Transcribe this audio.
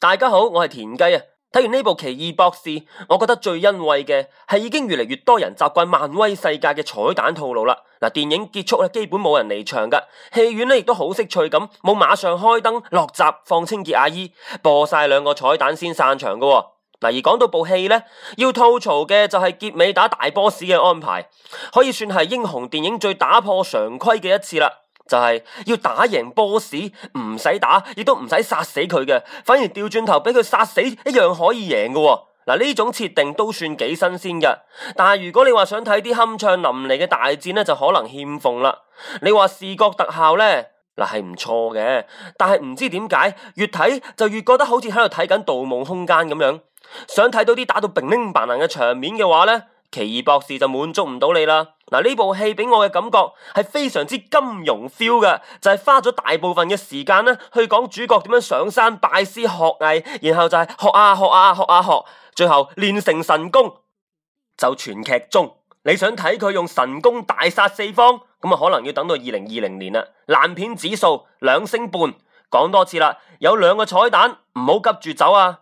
大家好，我係田雞啊！睇完呢部奇異博士，我覺得最欣慰嘅係已經越嚟越多人習慣漫威世界嘅彩蛋套路啦。嗱，電影結束咧，基本冇人離場噶，戲院呢亦都好識趣咁，冇馬上開燈落閘放清潔阿姨，播晒兩個彩蛋先散場噶。嗱，而講到部戲呢，要吐槽嘅就係結尾打大 boss 嘅安排，可以算係英雄電影最打破常規嘅一次啦。就係、是、要打贏 boss，唔使打，亦都唔使殺死佢嘅，反而調轉頭俾佢殺死，一樣可以贏嘅、哦。嗱，呢種設定都算幾新鮮嘅。但係如果你話想睇啲酣暢淋漓嘅大戰呢，就可能欠奉啦。你話視覺特效呢，嗱係唔錯嘅，但係唔知點解越睇就越覺得好似喺度睇緊《盜夢空間》咁樣。想睇到啲打到乒鈴乓爛嘅場面嘅話呢。奇異博士就滿足唔到你啦！嗱，呢部戲俾我嘅感覺係非常之金融 feel 嘅，就係花咗大部分嘅時間呢，去講主角點樣上山拜師學藝，然後就係學啊學啊學啊學啊學，最後練成神功。就全劇終，你想睇佢用神功大殺四方，咁啊可能要等到二零二零年啦。爛片指數兩星半，講多次啦，有兩個彩蛋，唔好急住走啊！